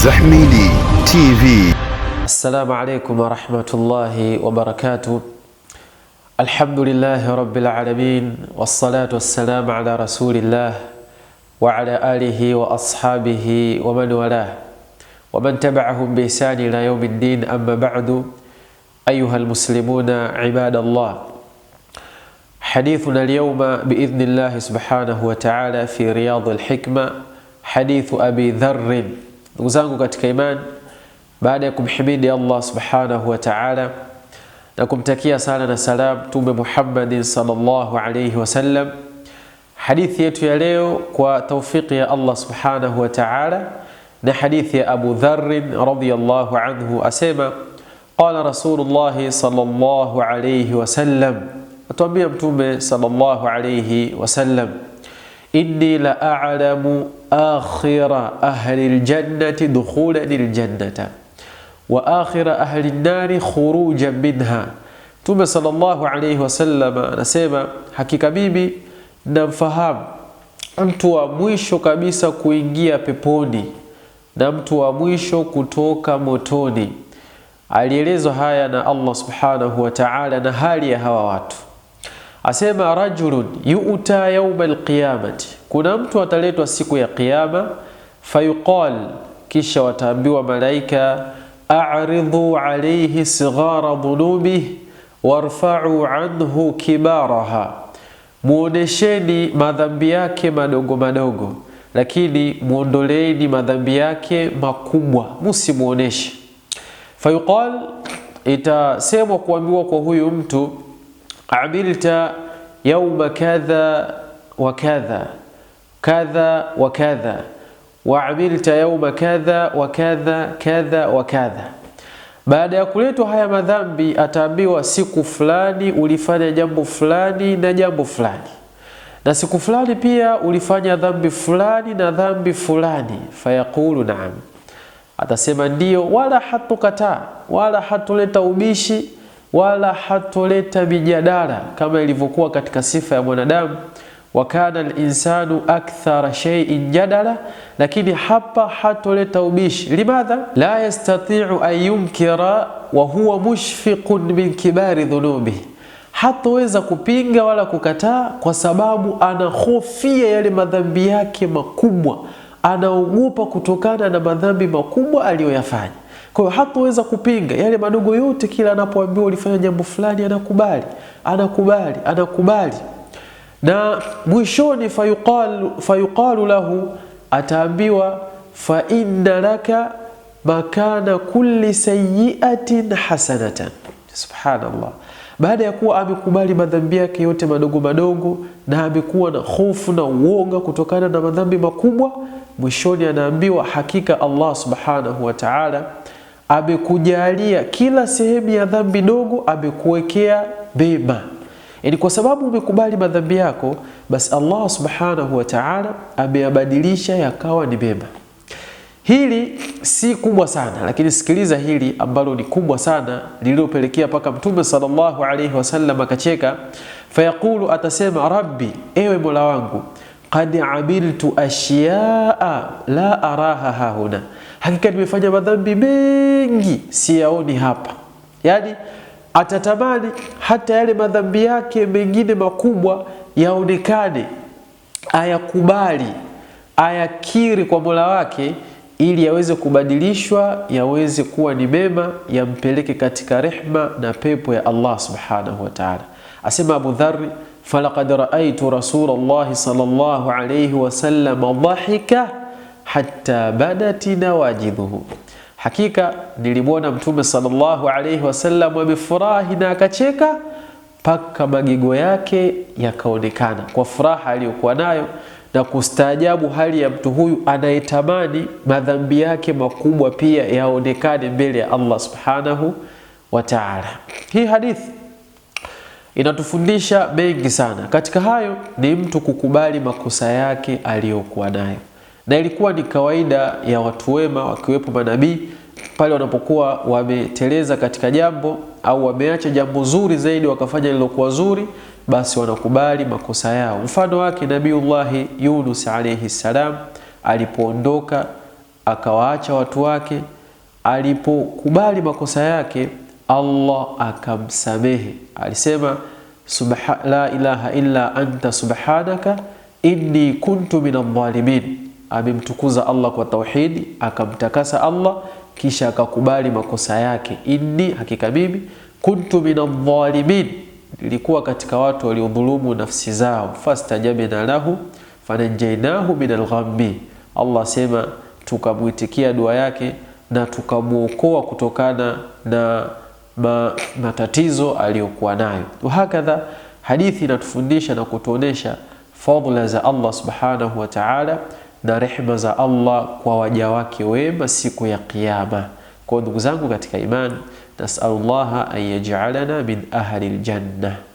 الزحميلي تي في السلام عليكم ورحمة الله وبركاته الحمد لله رب العالمين والصلاة والسلام على رسول الله وعلى آله وأصحابه ومن والاه ومن تبعهم بإحسان إلى يوم الدين أما بعد أيها المسلمون عباد الله حديثنا اليوم بإذن الله سبحانه وتعالى في رياض الحكمة حديث أبي ذر Ndugu zangu katika imani, baada ya kumhimidi Allah subhanahu wa ta'ala na kumtakia sala na salam Mtume Muhammadin sallallahu alayhi wasallam, hadithi yetu ya leo kwa taufiki ya Allah subhanahu wa ta'ala na hadithi ya Abu Dharr radhiyallahu anhu asema, qala Rasulullah sallallahu alayhi wasallam, atuambia Mtume sallallahu alayhi wasallam inni la a'lamu akhira ahli ljannati dukhulan ljannata wa akhira ahli nnari khurujan minha. Mtume sallallahu alayhi wasallam anasema hakika mimi namfahamu mtu wa mwisho kabisa kuingia peponi na mtu wa mwisho kutoka motoni. Alielezwa haya na Allah subhanahu wa ta'ala na hali ya hawa watu asema rajulun yu'ta yawma alqiyamati, kuna mtu ataletwa siku ya Kiyama. Fayuqal, kisha wataambiwa malaika, a'ridhu alayhi sighara dhunubihi warfa'u anhu kibaraha, muonesheni madhambi yake madogo madogo, lakini muondoleeni madhambi yake makubwa, musimuoneshe. Fayuqal, itasemwa kuambiwa kwa huyu mtu amilta yauma kadha wa kadha kadha wa kadha wa amilta yauma kadha wa kadha kadha wa kadha. Baada ya kuletwa haya madhambi, ataambiwa siku fulani ulifanya jambo fulani na jambo fulani, na siku fulani pia ulifanya dhambi fulani na dhambi fulani. Fayaqulu naam, atasema ndio wala hatukataa wala hatuleta ubishi wala hatoleta mijadala kama ilivyokuwa katika sifa ya mwanadamu wa kana linsanu akthara shay'in jadala, lakini hapa hatoleta ubishi. Limadha la yastatiu an yunkira wa huwa mushfiqun min kibari dhunubi, hatoweza kupinga wala kukataa kwa sababu anahofia yale madhambi yake makubwa anaogopa kutokana na madhambi makubwa aliyoyafanya. Kwa hiyo hataweza kupinga yale madogo yote, kila anapoambiwa ulifanya jambo fulani anakubali, anakubali, anakubali, na mwishoni fayuqalu, fayuqalu lahu, ataambiwa fa inna laka makana kulli sayyi'atin hasanatan. Subhanallah. Baada ya kuwa amekubali madhambi yake yote madogo madogo na amekuwa na hofu na uoga kutokana na madhambi makubwa, mwishoni anaambiwa hakika Allah subhanahu wa ta'ala amekujalia kila sehemu ya dhambi dogo, amekuwekea bema. Yaani, kwa sababu umekubali madhambi yako, basi Allah subhanahu wa ta'ala ameyabadilisha yakawa ni mema. Hili si kubwa sana, lakini sikiliza hili ambalo ni kubwa sana lililopelekea mpaka Mtume sallallahu alayhi wasallam akacheka. Fayaqulu, atasema rabbi, ewe mola wangu, qad amiltu ashyaa la araha hahuna, hakika nimefanya madhambi mengi siyaoni hapa. Yani atatamani hata yale madhambi yake mengine makubwa yaonekane, ayakubali, ayakiri kwa mola wake ili yaweze kubadilishwa yaweze kuwa ni mema yampeleke katika rehma na pepo ya Allah subhanahu wa ta'ala. Asema Abu Dharri, falaqad raaitu Rasulallahi sallallahu alayhi wasallam dhahika hatta badati nawajidhuhu, hakika nilimwona Mtume sallallahu alayhi wasallam amefurahi na akacheka mpaka magigo yake yakaonekana kwa furaha aliyokuwa nayo na kustaajabu hali ya mtu huyu anayetamani madhambi yake makubwa pia yaonekane mbele ya Allah subhanahu wa ta'ala. Hii hadithi inatufundisha mengi sana. Katika hayo ni mtu kukubali makosa yake aliyokuwa nayo, na ilikuwa ni kawaida ya watu wema wakiwepo manabii pale wanapokuwa wameteleza katika jambo au wameacha jambo zuri zaidi wakafanya lilokuwa zuri basi wanakubali makosa yao. Mfano wake Nabiullahi Yunus alayhi salam alipoondoka akawaacha watu wake, alipokubali makosa yake Allah akamsamehe, alisema Subha, la ilaha illa anta subhanaka inni kuntu minadh-dhalimin. Amemtukuza Allah kwa tauhidi, akamtakasa Allah, kisha akakubali makosa yake, inni, hakika mimi, kuntu minadh-dhalimin lilikuwa katika watu waliodhulumu nafsi zao, fastajabna lahu fananjainahu min alghambi Allah sema tukamwitikia dua yake na tukamwokoa kutokana na ma, matatizo aliyokuwa nayo. Wahakadha, hadithi inatufundisha na kutuonesha fadhila za Allah subhanahu wa ta'ala na rehma za Allah kwa waja wake wema siku ya Kiyama. Kwa ndugu zangu katika imani, nasalllaha an yaj'alana min ahli aljanna.